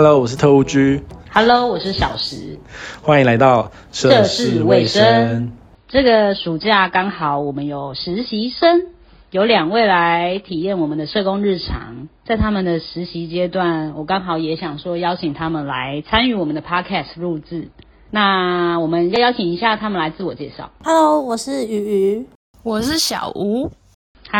Hello，我是特務局。Hello，我是小石。歡迎來到涉世未深。這個暑假剛好我們有實習生，有兩位來體驗我們的社工日常。在他們的實習階段，我剛好也想說邀請他們來參與我們的 Podcast 錄製。那我們要邀請一下他們來自我介紹。Hello，我是魚魚，我是小吳。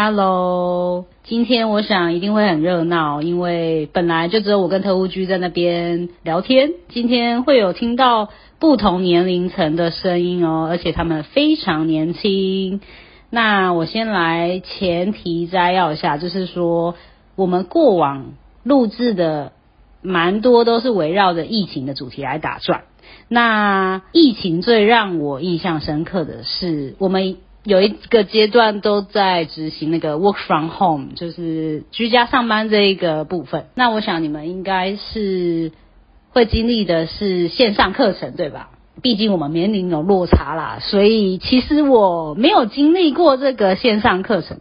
Hello，今天我想一定會很熱鬧，因為本來就只有我跟特務局在那邊聊天。今天會有聽到不同年齡層的聲音哦，而且他們非常年輕。那我先來前提摘要一下，就是說我們過往錄制的蠻多都是圍繞着疫情的主題來打轉。那疫情最讓我印象深刻的是我們。有一個階段都在執行那個 work from home，就是居家上班這一個部分。那我想你們應該是會經歷的是線上課程，對吧？畢竟我們年齡有落差啦，所以其實我沒有經歷過這個線上課程。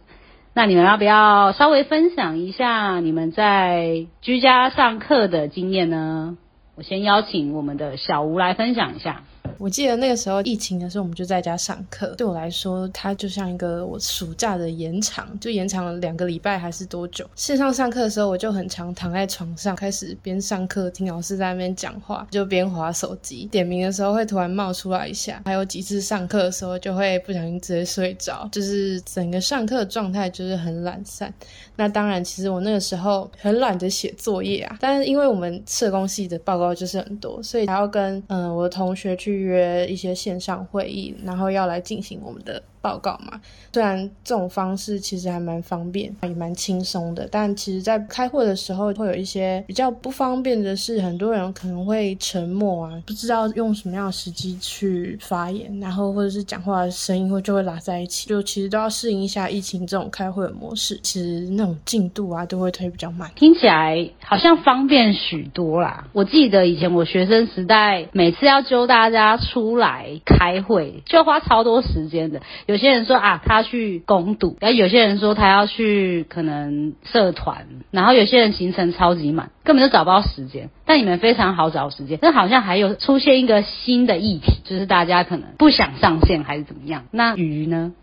那你們要不要稍微分享一下你們在居家上課的經驗呢？我先邀請我們的小吳來分享一下。我記得那個時候疫情的時候，我們就在家上課。對我來說，它就像一個我暑假的延長，就延長了兩個禮拜還是多久？線上上課的時候，我就很常躺在床上，開始邊上課，聽老師在那邊講話，就邊滑手機。點名的時候會突然冒出來一下，還有幾次上課的時候就會不小心直接睡着，就是整個上課的狀態就是很懶散。那當然，其實我那個時候很懶得寫作業啊，但是因為我們社工系的報告就是很多，所以還要跟嗯、呃、我的同學去。約一些線上會議，然後要來進行我們的報告嘛，雖然這種方式其實還蠻方便，也蠻輕鬆的，但其實，在開會的時候會有一些比較不方便的是，很多人可能會沉默啊，不知道用什麼樣的時機去發言，然後或者是講話的聲音會就會拉在一起，就其實都要適應一下疫情這種開會的模式。其實那種進度啊都會推比較慢，聽起來好像方便許多啦。我記得以前我學生時代，每次要揪大家出來開會，就要花超多時間的。有些人說啊，他去攻讀；然後有些人說他要去可能社團；然後有些人行程超級滿，根本就找不到時間。但你們非常好找時間，那好像還有出現一個新的議題，就是大家可能不想上線還是怎麼樣？那魚呢？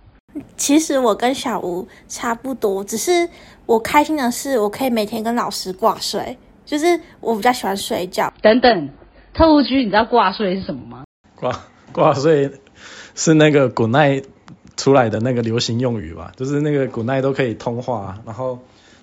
其實我跟小吳差不多，只是我開心的是我可以每天跟老師掛水，就是我比較喜歡睡覺。等等，特務局，你知道掛睡是什麼嗎？掛掛睡是那個古奈。出來的那個流行用語吧，就是那個古奈都可以通話，然後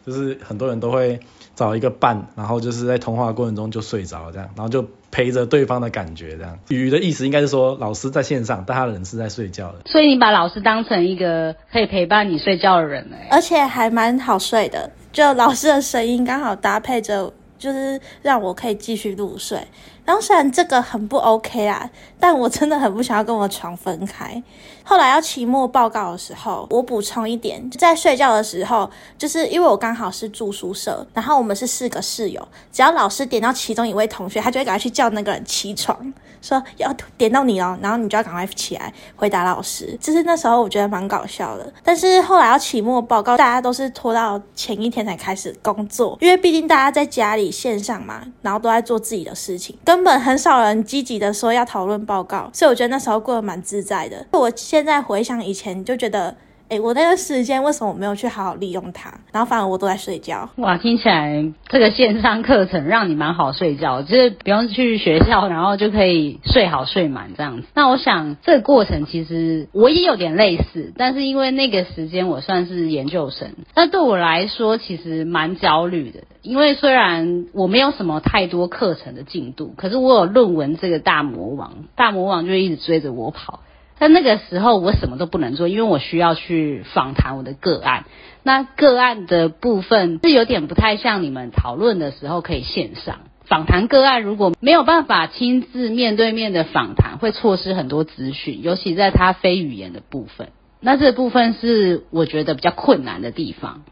就是很多人都會找一個伴，然後就是在通話過程中就睡着這樣，然後就陪着對方的感覺這樣。語的意思應該是說老師在線上，但他人是在睡覺的。所以你把老師當成一個可以陪伴你睡覺的人，欸，而且還蠻好睡的，就老師的聲音剛好搭配着，就是讓我可以繼續入睡。然後雖然這個很不 OK 啦，啊，但我真的很不想要跟我的床分開。後來要期末報告的時候，我補充一點，在睡覺的時候，就是因為我剛好是住宿舍，然後我們是四個室友，只要老師點到其中一位同學，他就會趕快去叫那個人起床，說要點到你哦，然後你就要趕快起來回答老師。就是那時候我覺得蠻搞笑的。但是後來要期末報告，大家都是拖到前一天才開始工作，因為畢竟大家在家裡線上嘛，然後都在做自己的事情。根本很少人積極的說要討論報告，所以我覺得那時候過得蠻自在的。我現在回想以前就覺得。哎，我那個時間為什麼我沒有去好好利用它？然後反而我都在睡覺。哇，聽起來這個線上課程讓你蠻好睡覺，就是不用去學校，然後就可以睡好睡滿這樣子。那我想這個過程其實我也有點類似，但是因為那個時間我算是研究生，那對我來說其實蠻焦慮的，因為雖然我沒有什麼太多課程的進度，可是我有論文這個大魔王，大魔王就一直追着我跑。但那個時候我什麼都不能做，因為我需要去訪談我的個案。那個案的部分是有點不太像你們討論的時候可以線上訪談個案，如果沒有辦法親自面對面的訪談，會錯失很多資訊，尤其在他非語言的部分。那這部分是我覺得比較困難的地方。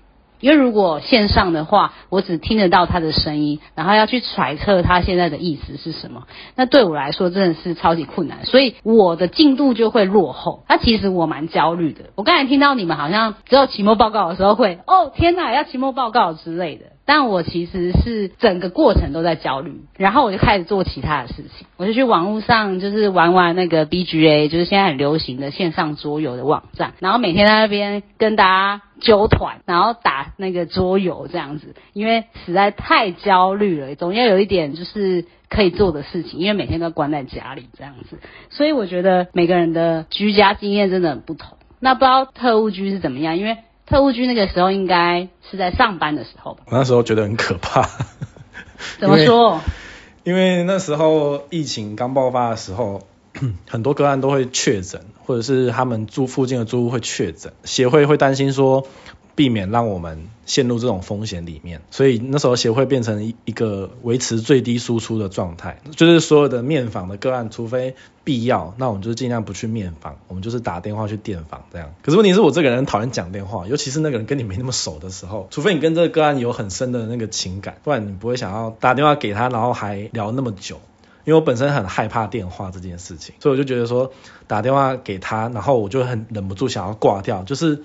因為如果線上的話，我只聽得到他的聲音，然後要去揣測他現在的意思是什麼，那對我來說真的是超級困難，所以我的進度就會落後。那其實我蠻焦慮的。我剛才聽到你們好像只有期末報告的時候會，哦，天哪，要期末報告之類的。但我其實是整個過程都在焦慮，然後我就開始做其他的事情，我就去網絡上就是玩玩那個 BGA，就是現在很流行的線上桌遊的網站，然後每天在那邊跟大家揪團，然後打那個桌遊這樣子，因為實在太焦慮了，總要有一點就是可以做的事情，因為每天都關在家裡這樣子，所以我覺得每個人的居家經驗真的很不同。那不知道特務居是怎麼樣，因為。特務局那個時候應該是在上班的時候吧。我那時候覺得很可怕。怎麼說？因，因為那時候疫情剛爆發的時候，很多個案都會確診，或者是他們住附近的住戶會確診，協會會擔心說，避免讓我們陷入這種風險裡面，所以那時候協會變成一一個維持最低輸出的狀態，就是所有的面訪的個案，除非必要，那我們就是儘量不去面訪，我們就是打電話去電訪這樣。可是問題是我這個人討厭講電話，尤其是那個人跟你沒那麼熟的時候，除非你跟這個個案有很深的那個情感，不然你不會想要打電話給他，然後還聊那麼久。因為我本身很害怕電話這件事情，所以我就覺得說打電話給他，然後我就很忍不住想要掛掉，就是。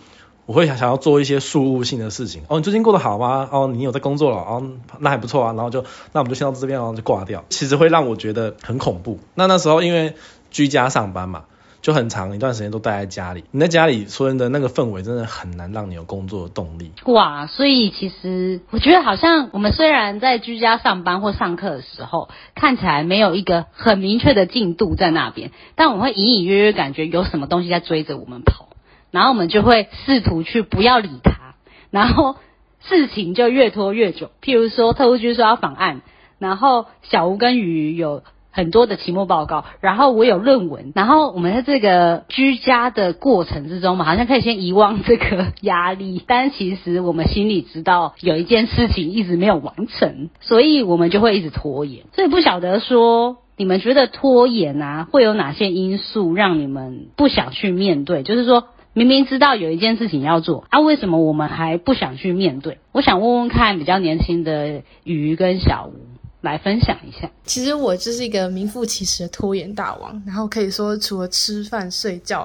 我會想想要做一些事務性的事情哦，你最近過得好嗎？哦，你有在工作了？哦，那還不錯啊。然後就那我們就先到這邊，然後就掛掉。其實會讓我覺得很恐怖。那那時候因為居家上班嘛，就很長一段時間都待在家裡。你在家裡所有的那個氛圍，真的很難讓你有工作的動力。哇，所以其實我覺得好像我們雖然在居家上班或上課的時候，看起來沒有一個很明確的進度在那邊，但我們會隱隱約約感覺有什麼東西在追着我們跑。然後我們就會試圖去不要理他，然後事情就越拖越久。譬如說，特務局說要訪案，然後小吳跟宇有很多的期末報告，然後我有論文，然後我們在這個居家的過程之中嘛，好像可以先遺忘這個壓力，但其實我們心裡知道有一件事情一直沒有完成，所以我們就會一直拖延。所以不曉得說，你們覺得拖延啊，會有哪些因素讓你們不想去面對？就是說。明明知道有一件事情要做，那、啊、為什麼我們還不想去面對？我想問問看，比較年輕的魚跟小吳來分享一下。其實我就是一個名副其實的拖延大王，然後可以說除了吃飯睡覺。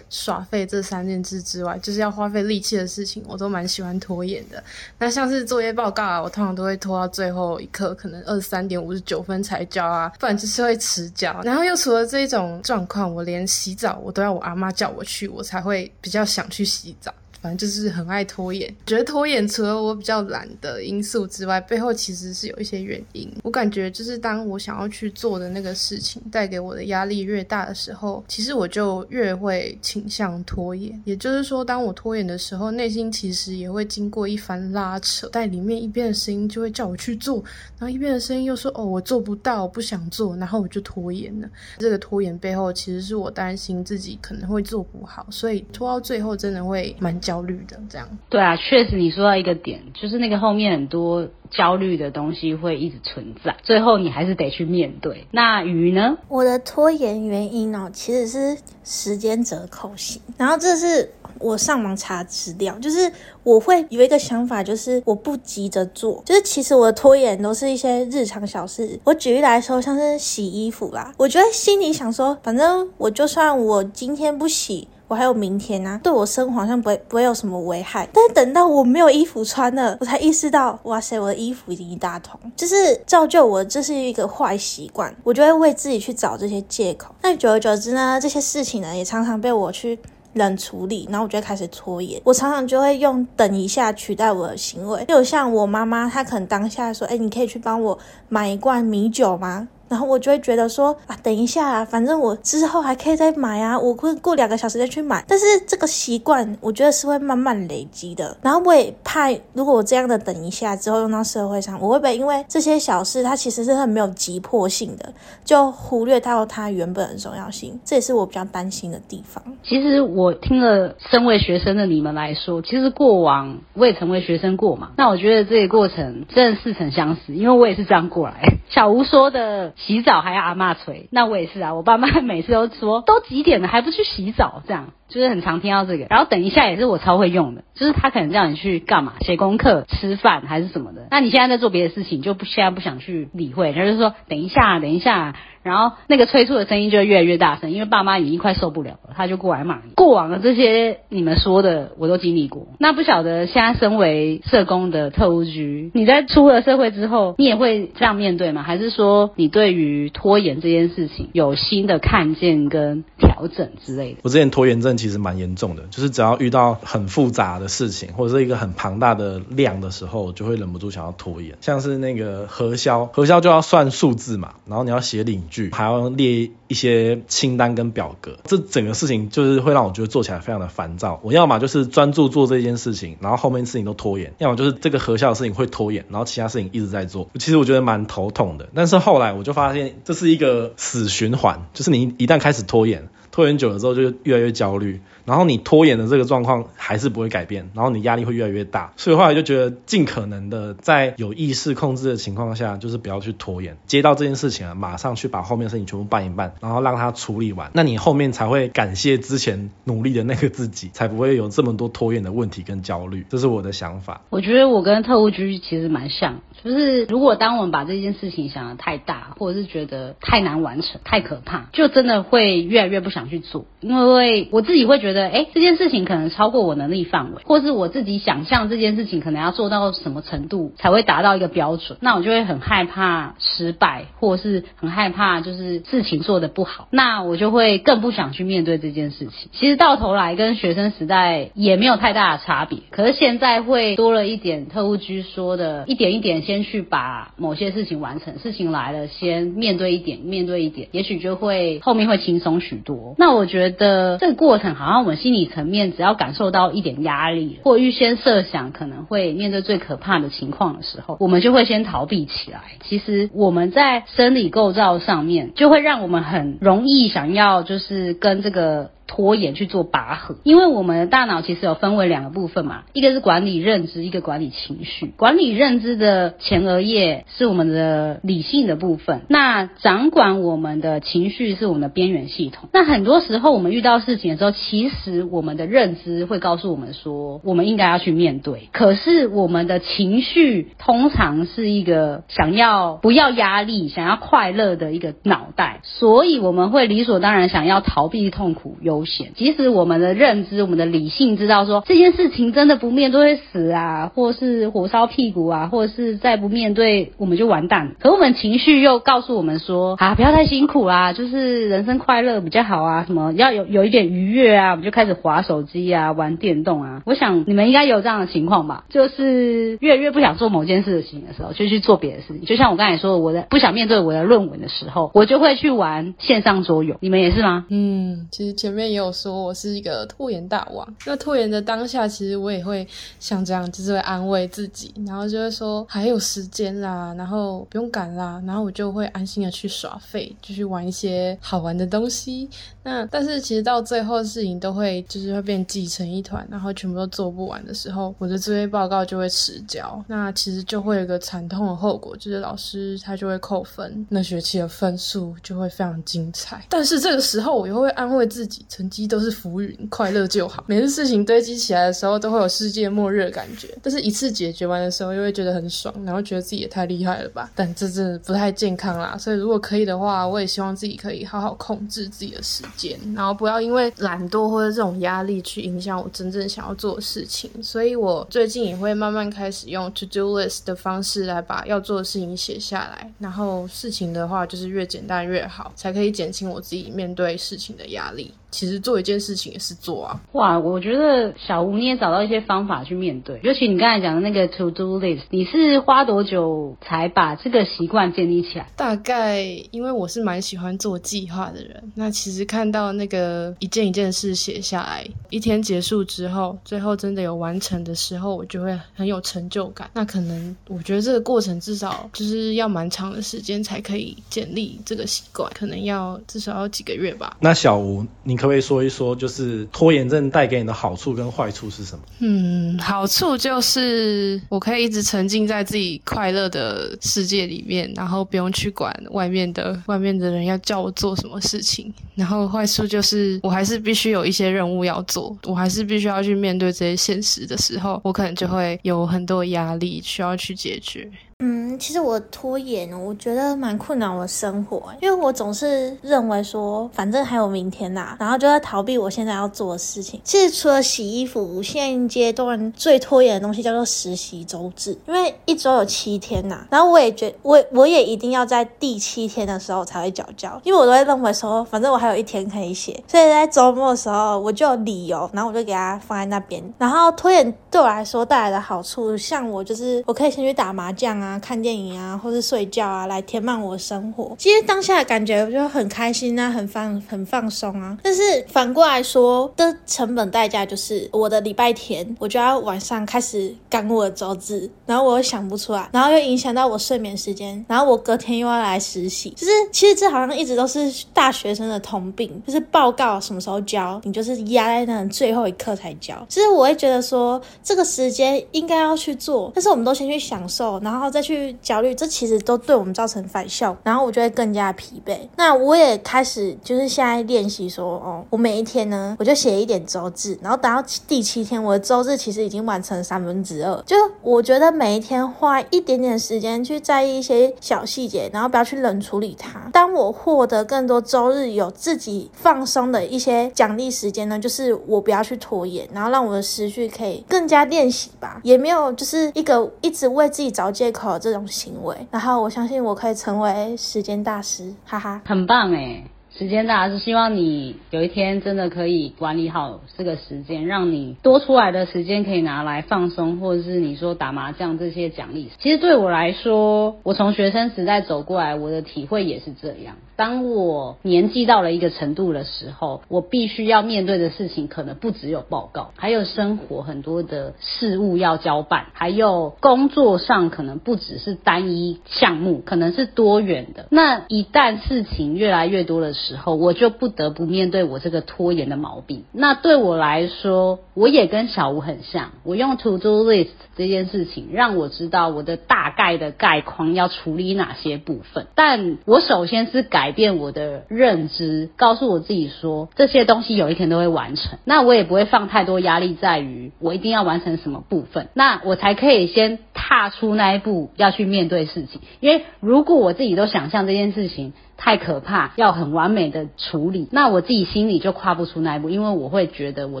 耍廢這三件事之外，就是要花費力氣的事情，我都蠻喜歡拖延的。那像是作業報告啊，我通常都會拖到最後一刻，可能二十三點五十九分才交啊，不然就是會遲交。然後又除了這一種狀況，我連洗澡我都要我阿媽叫我去，我才會比較想去洗澡。就是很愛拖延， 覺得拖延除了我比較懶的因素之外，背後其實是有一些原因。我感覺就是當我想要去做的那個事情帶給我的壓力越大的時候，其實我就越會傾向拖延。也就是說，當我拖延的時候，內心其實也會經過一番拉扯，但裡面一邊的聲音就會叫我去做，然後一邊的聲音又說，哦，我做不到，我不想做，然後我就拖延了。這個拖延背後其實是我擔心自己可能會做不好，所以拖到最後真的會蠻焦。焦慮的這樣，對啊，確實你說到一個點，就是那個後面很多焦慮的東西會一直存在，最後你還是得去面對。那魚呢，我的拖延原因呢、哦，其實是時間折扣型。然後這是我上網查資料，就是我會有一個想法，就是我不急着做，就是其實我的拖延都是一些日常小事。我舉例來說，像是洗衣服啦，我覺得心裡想說，反正我就算我今天不洗。我還有明天吶、啊，對我生活好像不會不會有什麼危害。但是等到我沒有衣服穿了，我才意識到，哇塞，我的衣服已經一大桶。就是造就我這是一個壞習慣，我就會為自己去找這些借口。那久而久之呢，這些事情呢也常常被我去冷處理，然後我就會開始拖延。我常常就會用等一下取代我的行為，就像我媽媽，她可能當下說，誒，你可以去幫我買一罐米酒嗎？然後我就會覺得說，啊，等一下，啊，反正我之後還可以再買啊，我會過兩個小時再去買。但是這個習慣，我覺得是會慢慢累積的。然後我也怕，如果我這樣的等一下之後用到社會上，我會不會因為這些小事，它其實是很沒有急迫性的，就忽略掉它原本的重要性？這也是我比較擔心的地方。其實我聽了身為學生的你們來說，其實過往我也成為學生過嘛，那我覺得這個過程真的似曾相識，因為我也是這樣過來。小吳說的。洗澡還要阿嬤催，那我也是啊。我爸媽每次都說：“都幾點了，還不去洗澡？”這樣。就是很常聽到這個，然後等一下也是我超會用的，就是他可能叫你去幹嘛，寫功課、吃飯還是什麼的。那你現在在做別的事情，就不現在不想去理會，他就說等一下，等一下，然後那個催促的聲音就越來越大聲，因為爸媽已經快受不了了，他就過來罵你。過往的這些你們說的我都經歷過，那不曉得現在身為社工的特務局，你在出了社會之後，你也會這樣面對嗎？還是說你對於拖延這件事情有新的看見跟調整之類的？我之前拖延症，其實蠻嚴重的，就是只要遇到很複雜的事情，或者是一個很龐大的量的時候，就會忍不住想要拖延。像是那個核銷，核銷就要算數字嘛，然後你要寫領據還要列一些清單跟表格，這整個事情就是會讓我覺得做起來非常的煩躁。我要麼就是專注做這件事情，然後後面事情都拖延；要麼就是這個核銷的事情會拖延，然後其他事情一直在做。其實我覺得蠻頭痛的，但是後來我就發現這是一個死循環，就是你一旦開始拖延。拖延久了之後就越來越焦慮，然後你拖延的這個狀況還是不會改變，然後你壓力會越來越大，所以後來就覺得盡可能的在有意識控制的情況下，就是不要去拖延，接到這件事情啊，馬上去把後面的事情全部辦一辦，然後讓它處理完，那你後面才會感謝之前努力的那個自己，才不會有這麼多拖延的問題跟焦慮。這是我的想法。我覺得我跟特務局其實蠻像，就是如果當我們把這件事情想得太大，或者是覺得太難完成、太可怕，就真的會越來越不想。去做，因為我自己會覺得，哎，這件事情可能超過我能力範圍，或是我自己想象這件事情可能要做到什麼程度才會達到一個標準，那我就會很害怕失敗，或是很害怕就是事情做得不好，那我就會更不想去面對這件事情。其實到頭來跟學生時代也沒有太大的差別，可是現在會多了一點特務局說的，一點一點先去把某些事情完成，事情來了先面對一點，面對一點，也許就會後面會輕鬆許多。那我覺得這個過程，好像我們心理層面，只要感受到一點壓力，或預先設想可能會面對最可怕的情況的時候，我們就會先逃避起來。其實我們在生理構造上面，就會讓我們很容易想要，就是跟這個。拖延去做拔河，因為我們的大腦其實有分為兩個部分嘛，一個是管理認知，一個管理情緒。管理認知的前額葉是我們的理性的部分，那掌管我們的情緒是我們的邊緣系統。那很多時候我們遇到事情的時候，其實我們的認知會告訴我們說，我們應該要去面對，可是我們的情緒通常是一個想要不要壓力、想要快樂的一個腦袋，所以我們會理所當然想要逃避痛苦。有風險，即使我們的認知、我們的理性知道說這件事情真的不面對會死啊，或是火燒屁股啊，或者是再不面對我們就完蛋了。可我們情緒又告訴我們說啊，不要太辛苦啦、啊，就是人生快樂比較好啊，什麼要有有一點愉悅啊，我們就開始滑手機啊，玩電動啊。我想你們應該有這樣的情況吧，就是越來越不想做某件事情的時候，就去做別的事情。就像我剛才說的，我在不想面對我的論文的時候，我就會去玩線上桌遊。你們也是嗎？嗯，其實前面。也有說我是一個拖延大王，那拖延的當下，其實我也會像這樣，就是會安慰自己，然後就會說還有時間啦，然後不用趕啦，然後我就會安心的去耍廢，就去玩一些好玩的東西。那但是其實到最後事情都會就是會變擠成，成一團，然後全部都做不完的時候，我的作業報告就會遲交。那其實就會有一個慘痛的後果，就是老師他就會扣分，那學期的分數就會非常精彩。但是這個時候我又會安慰自己。成績都是浮雲，快樂就好。每次事情堆積起來的時候，都會有世界末日的感覺，但是一次解決完的時候，又會覺得很爽，然後覺得自己也太厲害了吧？但這真的不太健康啦。所以如果可以的話，我也希望自己可以好好控制自己的時間，然後不要因為懶惰或者這種壓力去影響我真正想要做的事情。所以我最近也會慢慢開始用 to do list 的方式來把要做的事情寫下來，然後事情的話就是越簡單越好，才可以減輕我自己面對事情的壓力。其實做一件事情也是做啊！哇，我覺得小吳你也找到一些方法去面對，尤其你剛才講的那個 to do list，你是花多久才把這個習慣建立起來？大概因為我是蠻喜歡做計劃的人，那其實看到那個一件一件事寫下來，一天結束之後，最後真的有完成的時候，我就會很有成就感。那可能我覺得這個過程至少就是要蠻長的時間才可以建立這個習慣，可能要至少要幾個月吧。那小吳，你。你可不可以說一說，就是拖延症帶給你的好處跟壞處是什麼？嗯，好處就是我可以一直沉浸在自己快樂的世界裡面，然後不用去管外面的外面的人要叫我做什麼事情。然後壞處就是我還是必須有一些任務要做，我還是必須要去面對這些現實的時候，我可能就會有很多壓力需要去解決。嗯，其實我拖延，我覺得蠻困擾我的生活，因為我總是認為說，反正還有明天吶、啊，然後就在逃避我現在要做的事情。其實除了洗衣服，我現階段最拖延的東西叫做實習週誌，因為一周有七天吶、啊，然後我也覺得我我也一定要在第七天的時候才會繳交，因為我都會認為說，反正我還有一天可以寫，所以在周末的時候我就有理由，然後我就給它放在那邊。然後拖延對我來說帶來的好處，像我就是我可以先去打麻將啊。啊，看電影啊，或是睡覺啊，來填滿我的生活。其實當下的感覺我就很開心啊，很放很放鬆啊。但是反過來說的成本代價就是我的禮拜天，我就要晚上開始趕我的周志，然後我又想不出來，然後又影響到我睡眠時間，然後我隔天又要來實習。就是其實這好像一直都是大學生的通病，就是報告什麼時候交，你就是壓在那最後一刻才交。其實我會覺得說這個時間應該要去做，但是我們都先去享受，然後再。再去焦慮，這其實都對我們造成反效，然後我就會更加疲憊。那我也開始就是現在練習說，哦，我每一天呢，我就寫一點週誌，然後等到第七天，我的週誌其實已經完成三分之二。就我覺得每一天花一點點時間去在意一些小細節，然後不要去冷處理它。當我獲得更多周日有自己放鬆的一些獎勵時間呢，就是我不要去拖延，然後讓我的思緒可以更加練習吧。也沒有就是一個一直為自己找借口。這種行為，然後我相信我可以成為時間大師，哈哈，很棒哎。時間大家是希望你有一天真的可以管理好這個時間，讓你多出來的時間可以拿來放鬆，或者是你說打麻將這些獎勵。其實對我來說，我從學生時代走過來，我的體會也是這樣。當我年紀到了一個程度的時候，我必須要面對的事情可能不只有報告，還有生活很多的事物要交辦，還有工作上可能不只是單一項目，可能是多元的。那一旦事情越來越多的時候，時候我就不得不面對我這個拖延的毛病。那對我來說，我也跟小吳很像。我用 To Do List 這件事情，讓我知道我的大概的概況要處理哪些部分。但我首先是改變我的認知，告訴我自己說，這些東西有一天都會完成。那我也不會放太多壓力在於我一定要完成什麼部分，那我才可以先踏出那一步要去面對事情。因為如果我自己都想象這件事情，太可怕，要很完美的處理，那我自己心裡就跨不出那一步，因為我會覺得我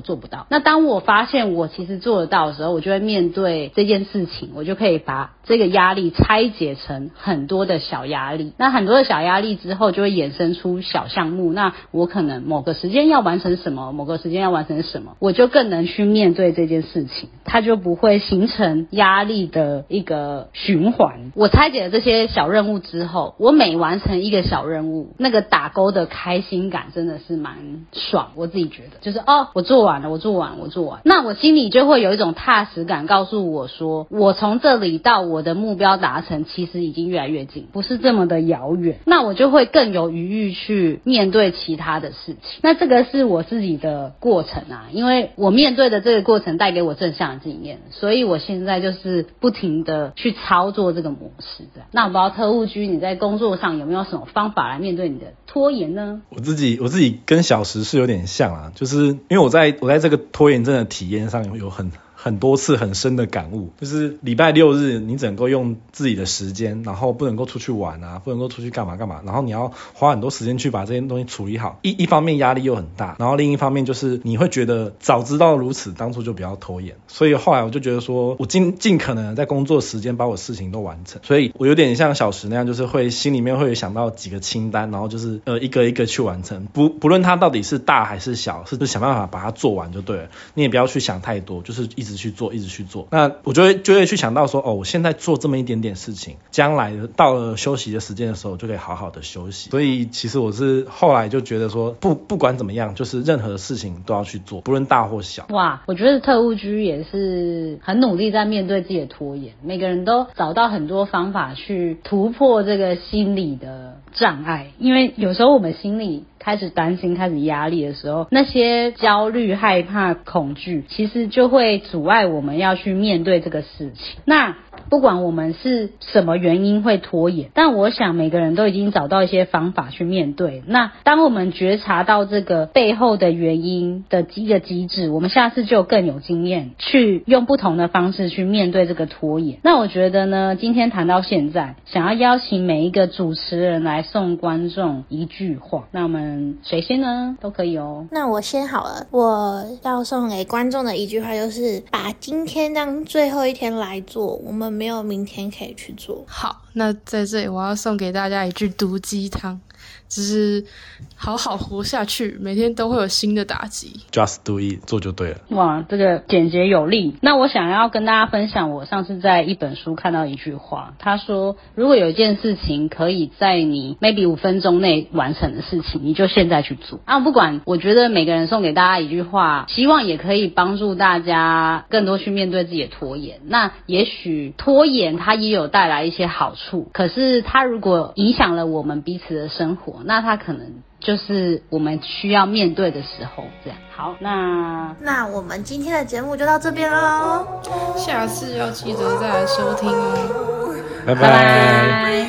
做不到。那當我發現我其實做得到的時候，我就會面對這件事情，我就可以把這個壓力拆解成很多的小壓力。那很多的小壓力之後，就會衍生出小項目。那我可能某個時間要完成什麼，某個時間要完成什麼，我就更能去面對這件事情，它就不會形成壓力的一個循環。我拆解了這些小任務之後，我每完成一個小任務，任務那個打勾的開心感真的是蠻爽，我自己覺得就是哦，我做完了，我做完，我做完，那我心裡就會有一種踏實感，告訴我說，我從這裡到我的目標達成，其實已經越來越近，不是這麼的遙遠，那我就會更有餘裕去面對其他的事情。那這個是我自己的過程啊，因為我面對的這個過程帶給我正向的經驗，所以我現在就是不停的去操作這個模式。那我不知道特務局你在工作上有沒有什麼方法？法來面對你的拖延呢？我自己，我自己跟小時是有點像啊，就是因為我在我在這個拖延症的體驗上有很很多次很深的感悟，就是禮拜六日你只能夠用自己的時間，然後不能夠出去玩啊，不能夠出去幹嘛幹嘛，然後你要花很多時間去把這些東西處理好。一一方面壓力又很大，然後另一方面就是你會覺得早知道如此，當初就比較拖延。所以後來我就覺得說，我盡盡可能在工作時間把我事情都完成。所以我有點像小時那樣，就是會心裡面會想到幾個清單，然後就是呃一個一個去完成，不不論它到底是大還是小，是想辦法把它做完就對了。你也不要去想太多，就是一直。去做，一直去做。那我就會就會去想到說，哦，我現在做這麼一點點事情，將來到了休息的時間的時候，我就可以好好的休息。所以其實我是後來就覺得說，不不管怎麼樣，就是任何的事情都要去做，不論大或小。哇，我覺得特務局也是很努力在面對自己的拖延，每個人都找到很多方法去突破這個心理的障礙，因為有時候我們心裡開始擔心，開始壓力的時候，那些焦慮、害怕、恐懼，其實就會阻礙我們要去面對這個事情。那。不管我們是什麼原因會拖延，但我想每個人都已經找到一些方法去面對。那當我們覺察到這個背後的原因的一個機制，我們下次就更有經驗去用不同的方式去面對這個拖延。那我覺得呢，今天談到現在，想要邀請每一個主持人來送觀眾一句話。那我們誰先呢？都可以哦。那我先好了，我要送給觀眾的一句話就是：把今天當最後一天來做。我們。沒有明天可以去做。好，那在這裡我要送給大家一句毒雞湯。只是好好活下去，每天都會有新的打擊。Just do it，做就對了。哇，這個簡潔有力。那我想要跟大家分享，我上次在一本書看到一句話，他說：“如果有一件事情可以在你 maybe 五分鐘內完成的事情，你就現在去做。”啊，不管，我覺得每個人送給大家一句話，希望也可以幫助大家更多去面對自己的拖延。那也許拖延它也有帶來一些好處，可是它如果影響了我們彼此的生活，那他可能就是我們需要面對的時候，這樣。好，那那我們今天的節目就到這邊嘍，下次要記得再來收聽哦、啊，拜拜。拜拜。